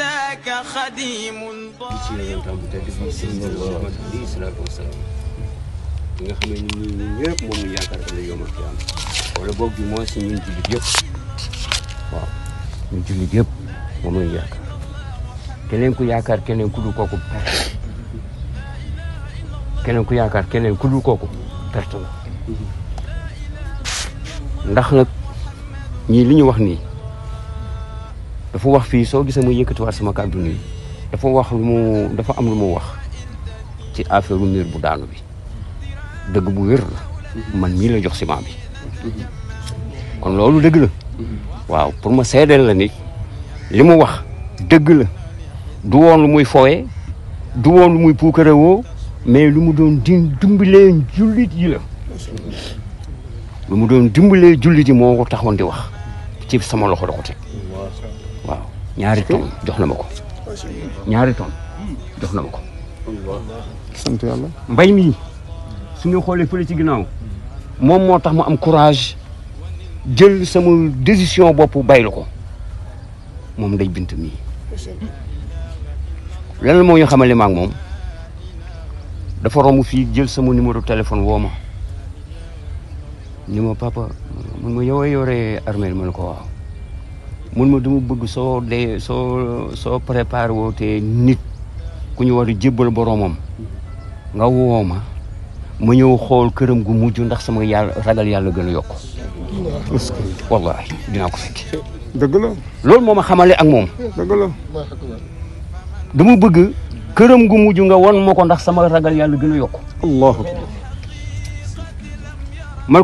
ذاك خديم ضريع nga xam ne ñun ñun ñëpp moom ñu yaakaar si ñun jullit keneen ku yaakaar keneen ku dul kooku keneen ku yaakaar keneen ku dul kooku perte la ndax nag ñii li ñu wax nii dafa wax fii soo gisee muy yëkkatiwaat sama kàddu nii dafa wax lu mu dafa am lu mu wax ci affaire mur bu daanu bi dëgg bu wér la man mii la jox ciment bi kon loolu dëgg la waaw pour ma seedeel la ni li mu wax dëgg la du woon lu muy fooye du woon lu muy puukarewoo mais lu mu doon din dimbalee jullit yi la lu mu doon dimbalee jullit yi moo ko taxoon di wax ci sama loxo da ko teg waaw ñaari ton jox na ma ko ñaari ton jox na ma ko mbay mi suñu xoolee fële ci ginnaaw moom moo tax mu am courage jël sama décision bopp bay baylu ko moom day bint mii lan la moo ñu xamale maag moom dafa romb fii jël sama numéro téléphone woo ma ni ma papa mun ma yow a yore armée ko waaw mun ma dama bëgg soo dee soo soo préparé wootee nit ku ñu war a jébbal boroomam nga woo ma ma ñëw xool këram gu mujj ndax sama yàlla ragal yàlla gën a yokk loolu moo ma xamale ak moom dëgg bëgg këram gu mujj nga won ma ko ndax sama ragal yàlla gën a yokk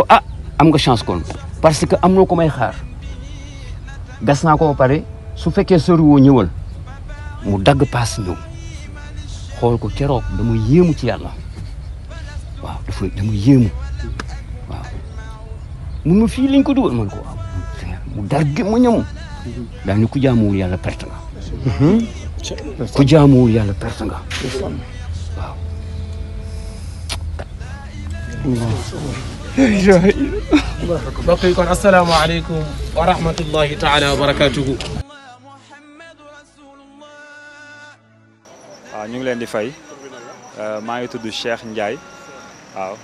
ko ah am nga chance kon parce que am na ko may xaar gas naa ko ba pare su fekkee sori wo ñëwal mu dag pass ñu xol ko keroog dama yému ci yalla waaw dafa dama yému waaw mu mu fi liñ ko duul man ko waaw mu dag gëm ma ñamu daal ni ku jaamuwul yalla perte nga mhm. ku jaamuwul yalla perte nga waaw السلام عليكم ورحمة الله تعالى وبركاته نيو لين دي فاي ما يتدو الشيخ نجاي أو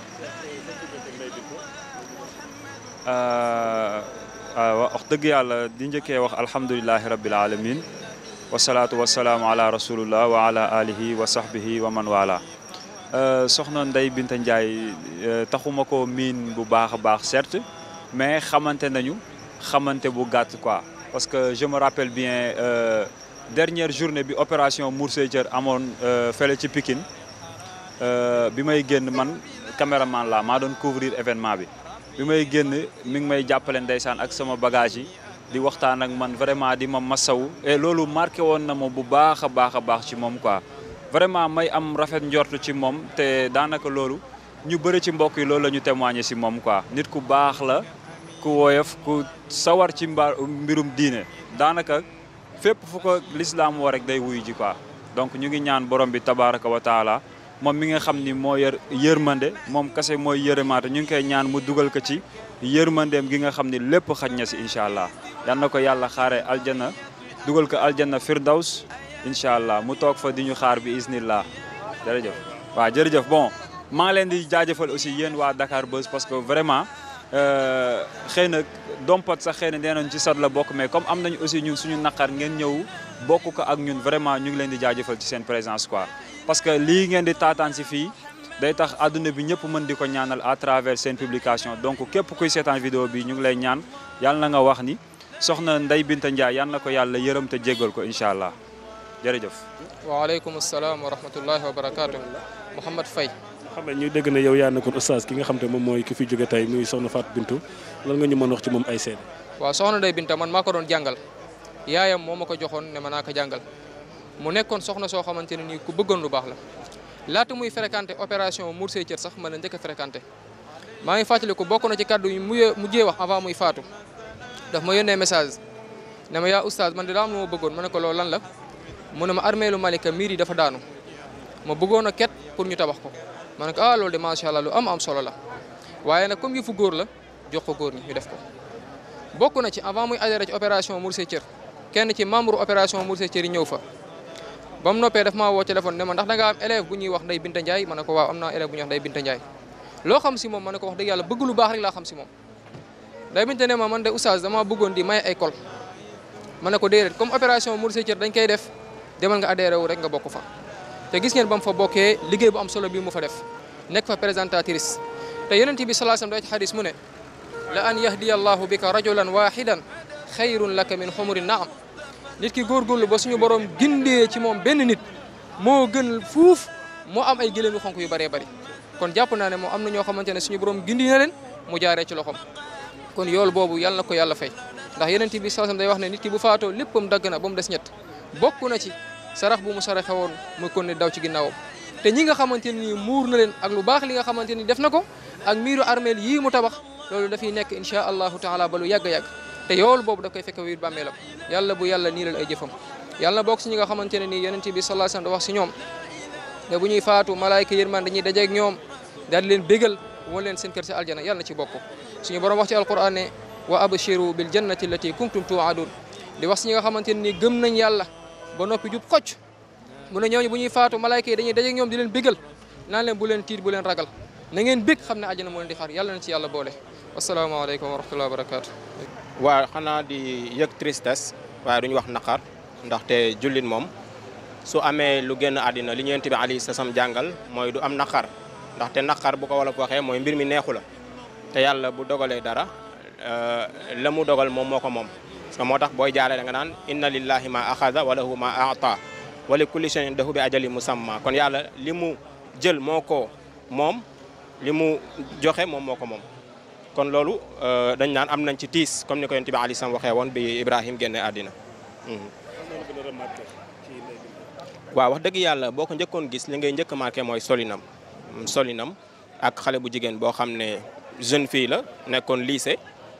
واخ دغ يالا دي نجي الحمد لله رب العالمين والصلاه والسلام على رسول الله وعلى اله وصحبه ومن والاه Euh, soxna nday Binta j'ai euh, taxuma ko miin bu baax a baax certes mais xamante nañu xamante bu gatt quoi parce que je me rappelle bien euh, dernière journée bi opération Mour amone euh, amoon ci Pikine bi may man caméraman la m'a done couvrir événement bi bi may génn mi ngi may jàppale ndeysaan ak sama bagage di waxtaan ak man vraiment di ma masawu et loolu marqué woon na bu a baax ci mom quoi vraiment may am rafet njortu ci moom te daanaka loolu ñu bëri ci mbokk yi loolu la ñu témoigner si moom quoi nit ku baax la ku woyof ku sawar ci mba mbirum diine daanaka fépp fu ko lislaam woo rek day wuyu ji quoi donc ñu ngi ñaan borom bi tabaraka wa taala moom mi nga xam ni moo yër mande moom kese mooy yërëmaate ñu ngi koy ñaan mu dugal ko ci mandeem gi nga xam ni lépp xaj na si incha allah yal na ko yàlla xaare aljanna dugal ko aljanna firdaws incha allah mu toog fa di ñu xaar bi isnillah jërëjëf waaw jërëjëf bon maa ngi leen di jaajëfal aussi yéen waa dakaar Buzz parce que vraiment euh, xëy na dompat sax xëy na nee nañ ci sat la bokk mais comme am nañu aussi ñun suñu naqar ngeen ñëw bokk ko ak ñun vraiment ñu ngi leen di jaajëfal ci seen présence quoi parce que lii ngeen di taataan si fii day tax àdduna bi ñëpp mën di ko ñaanal à travers seen publication donc képp kuy seetaan vidéo bi ñu ngi lay ñaan yàlla na nga wax ni soxna Ndeye Binta Ndiaye yàlla na ko yàlla yërëm te jéggal ko incha allah jërëjëf. waaleykum salaam wa rahmatullahi wa barakaatu. Mouhamed Faye. xam ne ñu dégg na yow yaa nekkoon oustaz ki nga xam te moom mooy ki fi jóge tey muy soxna Fatou Bintou lan nga ñu mën wax ci moom ay seede. waaw soxna Ndeye Binta man maa ko doon jàngal yaayam moo ma ko joxoon ne ma naa ko jàngal mu nekkoon soxna soo xamante ne nii ku bëggoon lu baax la laata muy fréquenté opération Mourse Thier sax ma la njëkk a fréquenté maa ngi fàttaliku bokk na ci kàddu yi mujjee wax avant muy faatu daf ma yónnee message ne ma yaa oustaz man de daa am lu ma bëggoon ma ne ko loolu lan la mu ne ma armeelu Malika miir yi dafa daanu ma bëggoon a ket pour ñu tabax ko ma ne ko ah loolu de macha allah lu am am solo la waaye nag comme yëfu góor la jox ko góor ñi ñu def ko. bokk na ci avant muy adhéré ci opération Mourse Thier kenn ci membre opération Mourse Thier yi ñëw fa ba mu noppee daf maa woo téléphone ne ma ndax am élève ñuy wax Ndeye Binta Ndiaye ma ne ko waaw am naa élève bu ñuy wax Ndeye Binta Ndiaye loo xam si moom ma ko wax dëgg yàlla bëgg lu baax rek laa xam si moom Ndeye Binta ne ma man de oustaz dama bëggoon di may ay col ma ne ko déedéet comme opération Mourse Thier dañ koy def demal nga adhéré wu rek nga bokk fa te gis ngeen bam fa bokké liggéey bu am solo bi mu fa def nek fa présentatrice te yonent bi sallallahu alayhi wasallam ci xadis mu ne la an yahdi allah bika rajulan wahidan xayrun lak min xumurin naam nit ki lu ba suñu borom gindé ci mom ben nit mo gën fouf mo am ay gëléem yu yu bari bari kon jàpp na ne mo am na ñoo suñu borom gindi na len mu jaaré ci loxom kon yool bobu yàlla na ko yàlla fay ndax yonent bi sallallahu alayhi wasallam day wax ne nit ki bu faato léppam dagg na ba mu des na ci sarax bu mu saraxe woon muy kon daw ci ginnaawam te ñi nga xamanteni ni muur na len ak lu bax li nga xamanteni def nako ak miru armel yi mu tabax lolu da fi nek insha allah taala balu yag yag te yool bobu da koy fekk wiir bamelam yàlla bu yàlla niilal ay jëfam yàlla bok ci ñi nga xamanteni ni nii bi sallallahu alaihi wasallam da wax ci ñom ne bu ñuy faatu malaika yermane dañuy dajje ak ñom dal leen bégal wan leen seen kër ci aljana yàlla ci bokku suñu borom wax ci alquran ne wa abshiru bil jannati allati kuntum tuadun di wax ci nga xamanteni ne gëm nañ yàlla ba nopi jup koch mu ne ñooñu bu ñuy faatu malaika yi dañuy dajeeg ñoom di leen bégal naan leen bu leen tiit bu leen ragal na ngeen bég xamne aljana mo leen di xaar yalla na ci yalla boole alaykum wa rahmatullahi wa barakatuh wa xana di yek tristesse wa duñ wax ndax te jullit mom, su amé lu genn adina li ñeent bi sasam jangal moy du am ndax ndaxte nakar bu ko wala ko waxee mooy mbir mi neexu la te bu dogalé dara euh lamu dogal mom moko mom parce moo tax booy jaaree da nga naan inna lillahi ma axada wala lahu ma aata wala li kulli shay'in dahu bi ajali musamma kon yàlla li mu jël moo ko moom li mu joxe moom moo ko moom kon loolu euh, dañ naan am nañ ci tiis comme ni ko yonent bi alayhi salaam waxee woon bi Ibrahim génne àddina mhm. waaw wax dëgg yàlla boo ko njëkkoon gis li ngay njëkk marqué mooy solinam solinam ak xale bu jigéen boo xam ne jeune fille la nekkoon lycée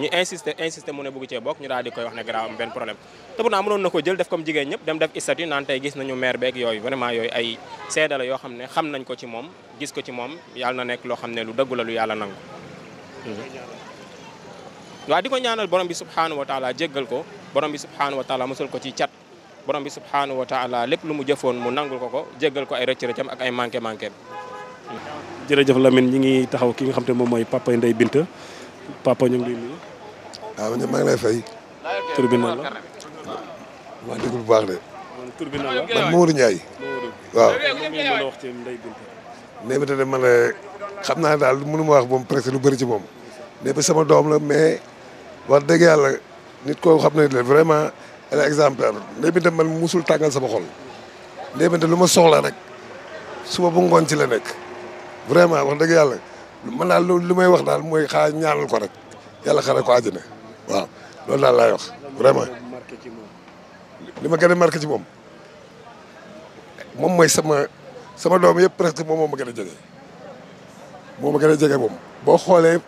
ñu insister insister mu ne bëgg cee bokk ñu daal di koy wax ne garaaw am benn problème te pourtant mënoon na ko jël def comme jigéen ñëpp dem def statut naan tey gis nañu maire beeg yooyu vraiment yooyu ay seede la yoo xam ne xam nañ ko ci moom gis ko ci moom yàlla na nekk loo xam ne lu dëggu la lu a nangu mhm. waaw di ko ñaanal borom bi subhaanahu wa taala jéggal ko borom bi subhaanahu wa taala mosul ko ci cat borom bi subhaanahu wa taala lépp lu mu jëfoon mu nangul ko ko jéggal ko ay rëcc-rëccam ak ay manqué manqué jërëjëf Lamine ñi ngi taxaw ki nga xam te moom mooy papa Ndeye Binta papa ñu ngi waaw ah, man de maa ngi lay fay. tur bi nan la. maa déglu bu baax de. man tur bi nan la man Mamadou Ndiaye. waaw. nee na de man xam naa daal mënu ma wax moom presque lu bari ci moom. nee na sama doom la mais wax dëgg yàlla nit ko xam ne de vraiment elle est exemplaire nee na de man musul tàngal sama xol. nee na lu ma soxla rek suba bu ngoon ci la nekk vraiment wax dëgg yàlla man daal lu may wax daal mooy xaa ñaanal ko rek yàlla xare ko àjjana. waaw loolu daal laay wax vraiment li ma gën a marqué ci moom moom mooy sama sama doom yëpp presque moom moo ma gën a jege moo ma gën a jege moom boo xoolee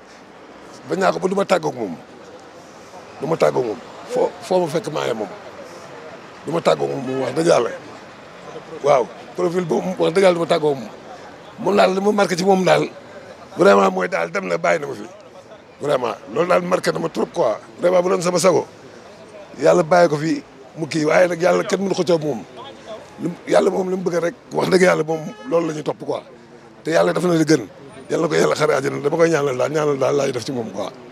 ba ñaa ko ba du ma tàggoog moom du ma tàggoog moom foo foo ma fekk maaye moom du ma tàggoog moom wax dëgg yàlla waaw profil boobu wax dëgg yàlla du ma tàggoog moom moom daal li ma ci moom daal vraiment mooy daal dem na bàyyi na ma fi vraiment loolu daal marqué na ma trop quoi vraiment bu doon sama sago yàlla bàyyi ko fi mu kii waaye nag yàlla kenn mënu ko coob moom lu yàlla moom li mu bëgg rek wax dëgg yàlla moom loolu la ñuy topp quoi te yàlla def na li gën yàlla ko yàlla xare àjjana dama koy ñaanal daal ñaanal daal laay def ci moom quoi